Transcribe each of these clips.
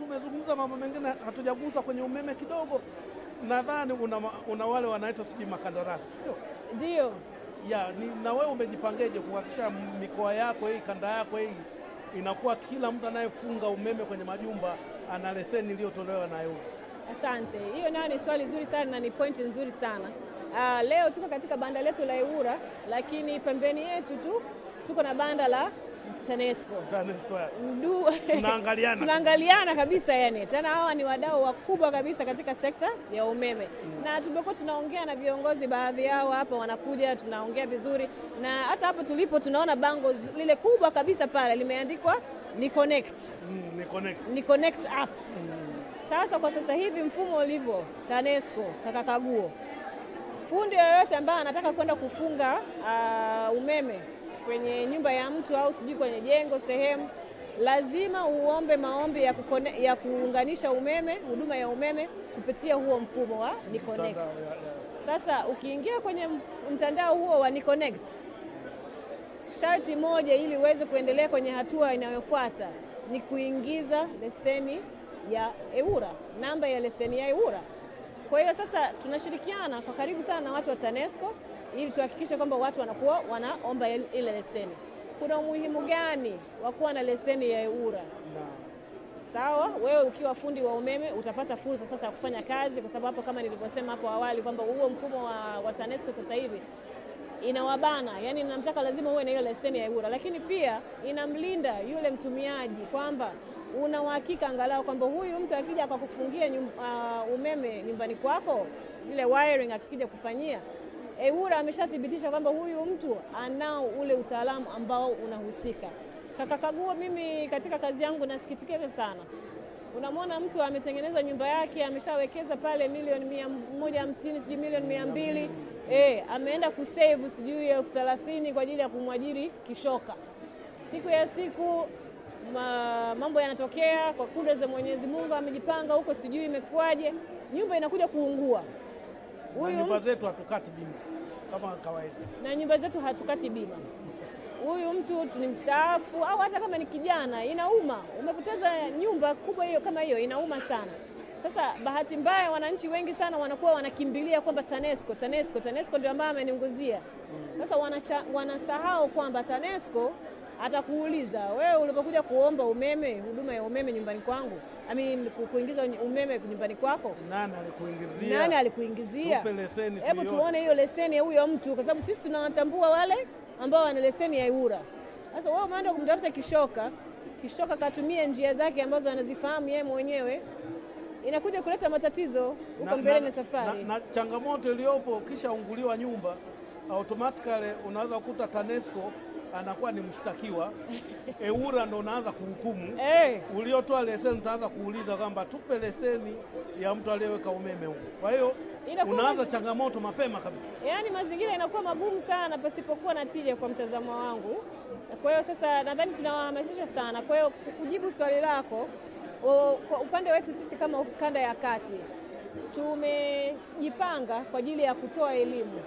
tumezungumza mambo mengine, hatujagusa kwenye umeme kidogo. Nadhani una, una wale wanaitwa sijui makandarasi, sio ndio? ya ni, na wewe umejipangeje kuhakikisha mikoa yako hii kanda yako hii inakuwa kila mtu anayefunga umeme kwenye majumba ana leseni iliyotolewa na EWURA? Asante, hiyo nayo ni swali zuri sana na ni pointi nzuri sana. Aa, ah, leo tuko katika banda letu la EWURA, lakini pembeni yetu tu tuko na banda la TANESCO, TANESCO. Tunaangaliana. Tunaangaliana kabisa yani. Tena hawa ni wadau wakubwa kabisa katika sekta ya umeme mm. Na tumekuwa tunaongea na viongozi baadhi yao hapa wanakuja, tunaongea vizuri, na hata hapo tulipo tunaona bango lile kubwa kabisa pale limeandikwa ni connect. Mm, ni connect. Ni connect app. Mm. Sasa kwa sasa hivi mfumo ulivyo TANESCO kakakaguo, fundi yoyote ambaye anataka kwenda kufunga uh, umeme kwenye nyumba ya mtu au sijui kwenye jengo sehemu, lazima uombe maombi ya, kukone, ya kuunganisha umeme, huduma ya umeme kupitia huo mfumo wa Niconnect. Sasa ukiingia kwenye mtandao huo wa Niconnect, sharti moja ili uweze kuendelea kwenye hatua inayofuata ni kuingiza leseni ya EWURA, namba ya leseni ya EWURA. Kwa hiyo sasa tunashirikiana kwa karibu sana na watu wa TANESCO ili tuhakikishe kwamba watu wanakuwa wanaomba ile leseni. Kuna umuhimu gani wa kuwa na leseni ya EWURA? Sawa, wewe ukiwa fundi wa umeme utapata fursa sasa ya kufanya kazi, kwa sababu hapo kama nilivyosema hapo awali kwamba huo mfumo wa, wa TANESCO sasa hivi inawabana, yani namtaka lazima uwe na hiyo leseni ya EWURA, lakini pia inamlinda yule mtumiaji kwamba una uhakika angalau kwamba huyu mtu akija akakufungia uh, umeme nyumbani kwako, zile wiring akija kufanyia EWURA ameshathibitisha kwamba huyu mtu anao ule utaalamu ambao unahusika. Kaka Kaguo, mimi katika kazi yangu nasikitikia sana Unamwona mtu ametengeneza nyumba yake, ameshawekeza pale milioni mia moja hamsini sijui milioni mia mbili e, ameenda kusave sijui elfu thelathini kwa ajili ya kumwajiri kishoka. Siku ya siku ma, mambo yanatokea kwa kudra za Mwenyezi Mungu, amejipanga huko, sijui imekuwaje, nyumba inakuja kuungua. Huyu nyumba zetu hatukati bima kama kawaida, na nyumba zetu hatukati bima. Huyu mtu ni mstaafu au hata kama ni kijana, inauma. Umepoteza nyumba kubwa hiyo kama hiyo, inauma sana. Sasa bahati mbaya, wananchi wengi sana wanakuwa wanakimbilia kwamba TANESCO, TANESCO, TANESCO ndio ambaye ameniunguzia. Sasa wanacha, wanasahau kwamba TANESCO atakuuliza wewe ulipokuja kuomba umeme, huduma ya umeme nyumbani kwangu I mean, kuingiza umeme nyumbani kwako, nani alikuingizia? Nani alikuingizia? Tupe leseni, hebu tuone hiyo leseni ya huyo mtu, kwa sababu sisi tunawatambua wale ambao wana leseni ya EWURA. Sasa wewe umeenda kumtafuta kishoka, kishoka katumie njia zake ambazo anazifahamu yeye mwenyewe inakuja kuleta matatizo huko mbele na safari na, na changamoto iliyopo. kisha unguliwa nyumba automatically unaweza kukuta TANESCO anakuwa ni mshtakiwa eura ndo unaanza kuhukumu. Hey, eh. uliotoa leseni utaanza kuuliza kwamba tupe leseni ya mtu aliyeweka umeme huko. Kwa hiyo unaanza changamoto mapema kabisa, yaani mazingira inakuwa magumu sana pasipokuwa na tija, kwa mtazamo wangu. Kwa hiyo sasa nadhani tunawahamasisha sana. Kwa hiyo kujibu swali lako, kwa upande wetu sisi kama kanda ya kati tumejipanga kwa ajili ya kutoa elimu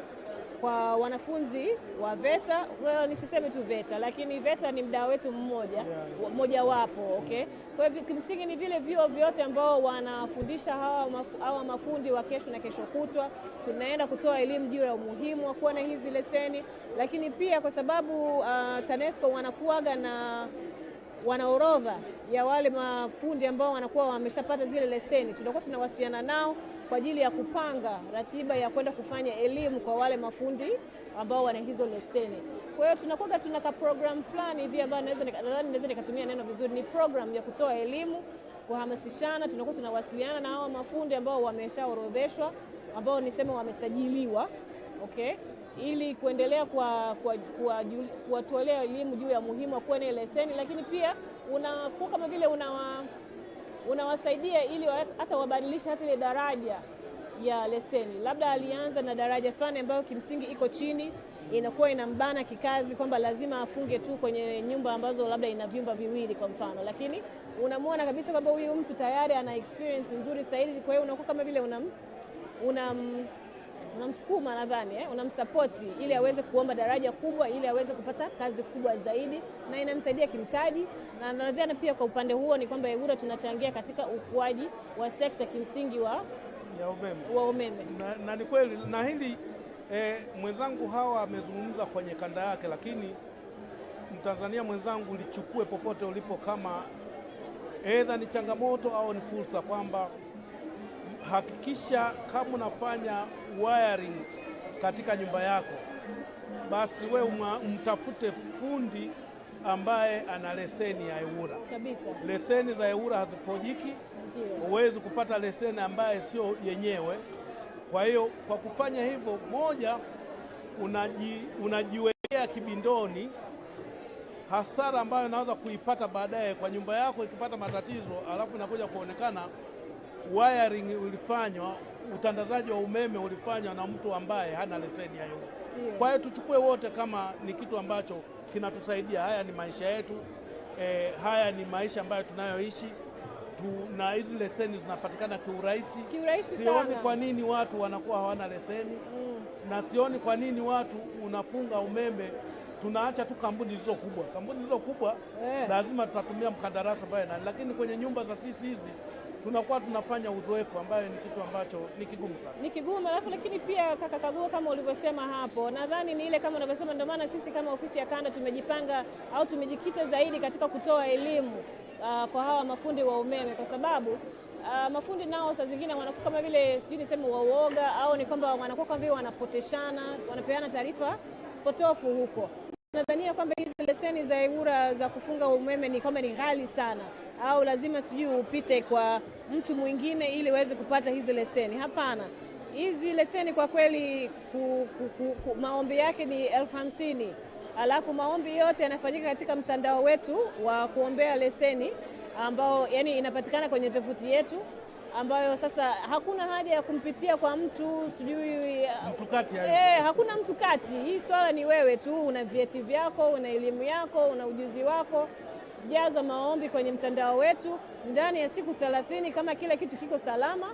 kwa wanafunzi wa VETA well, nisiseme tu VETA lakini VETA ni mdau wetu mmoja mmoja wapo okay. Kwa hivyo kimsingi ni vile vyuo vyote ambao wanafundisha hawa, mafundi wa kesho na kesho kutwa, tunaenda kutoa elimu juu ya umuhimu wa kuwa na hizi leseni, lakini pia kwa sababu uh, TANESCO wanakuaga na wana orodha ya wale mafundi ambao wanakuwa wameshapata zile leseni, tunakuwa tunawasiliana nao kwa ajili ya kupanga ratiba ya kwenda kufanya elimu kwa wale mafundi ambao wana hizo leseni. Kwa hiyo tunakuwa tuna ka program fulani hivi ambayo nadhani naweza nikatumia neno vizuri, ni program ya kutoa elimu, kuhamasishana. Tunakuwa tunawasiliana na hawa mafundi ambao wameshaorodheshwa, ambao niseme wamesajiliwa, okay ili kuendelea kuwatolea elimu juu ya muhimu wa kuwa na leseni, lakini pia unakuwa kama vile unawa unawasaidia ili hata wabadilishe hata ile daraja ya leseni. Labda alianza na daraja fulani ambayo kimsingi iko chini, inakuwa inambana kikazi kwamba lazima afunge tu kwenye nyumba ambazo labda ina vyumba viwili kwa mfano, lakini unamwona kabisa kwamba huyu mtu tayari ana experience nzuri zaidi, kwa hiyo unakuwa kama vile unam, unam unamsukuma nadhani eh, unamsapoti ili aweze kuomba daraja kubwa, ili aweze kupata kazi kubwa zaidi, na inamsaidia kimtaji, na nadhani pia kwa upande huo ni kwamba EWURA tunachangia katika ukuaji wa sekta kimsingi wa ya umeme, wa umeme. Na, na ni kweli na hili eh, mwenzangu hawa amezungumza kwenye kanda yake, lakini mtanzania mwenzangu, lichukue popote ulipo kama edha ni changamoto au ni fursa kwamba hakikisha kama unafanya wiring katika nyumba yako, basi we mtafute fundi ambaye ana leseni ya EWURA kabisa. Leseni za EWURA hazifojiki, huwezi kupata leseni ambaye sio yenyewe. Kwa hiyo kwa kufanya hivyo, moja, unaji, unajiwekea kibindoni hasara ambayo unaweza kuipata baadaye kwa nyumba yako ikipata matatizo, alafu inakuja kuonekana wiring ulifanywa, utandazaji wa umeme ulifanywa na mtu ambaye hana leseni ya yoga. Kwa hiyo tuchukue wote kama ni kitu ambacho kinatusaidia. Haya ni maisha yetu, e, haya ni maisha ambayo tunayoishi na hizi leseni zinapatikana kiurahisi. Kiurahisi sioni Kwa nini watu wanakuwa hawana leseni mm? Na sioni kwa nini watu unafunga umeme, tunaacha tu kampuni hizo kubwa. Kampuni hizo kubwa eh, lazima tutatumia mkandarasi ambaye nani, lakini kwenye nyumba za sisi hizi tunakuwa tunafanya uzoefu ambayo ni kitu ambacho ni kigumu sana, ni kigumu alafu, lakini pia kaka Kaguo, kama ulivyosema hapo, nadhani ni ile kama unavyosema, ndio maana sisi kama ofisi ya kanda tumejipanga au tumejikita zaidi katika kutoa elimu uh, kwa hawa mafundi wa umeme kwa sababu uh, mafundi nao saa zingine wanakuwa kama vile sijui niseme wauoga au ni kwamba wanakuwa kama vile wanapoteshana, wanapeana taarifa potofu huko. Nadhania kwamba hizi leseni za EWURA za kufunga umeme ni kwamba ni ghali sana, au lazima sijui upite kwa mtu mwingine ili uweze kupata hizi leseni. Hapana, hizi leseni kwa kweli ku, ku, ku, ku, maombi yake ni elfu hamsini alafu maombi yote yanafanyika katika mtandao wetu wa kuombea leseni ambao yani inapatikana kwenye tovuti yetu ambayo sasa hakuna haja ya kumpitia kwa mtu sijui uh, mtu kati e, hakuna mtu kati. Hii swala ni wewe tu, una vyeti vyako, una elimu yako, una ujuzi wako. Jaza maombi kwenye mtandao wetu, ndani ya siku thelathini kama kila kitu kiko salama,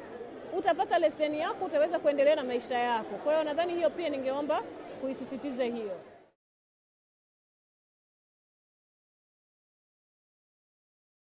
utapata leseni yako, utaweza kuendelea na maisha yako. Kwa hiyo nadhani hiyo pia ningeomba kuisisitiza hiyo.